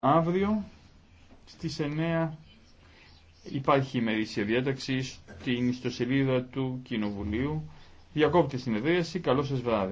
Αύριο στις 9 υπάρχει ημερήσια διάταξη στην ιστοσελίδα του Κοινοβουλίου. Διακόπτη συνεδρίαση. Καλό σας βράδυ.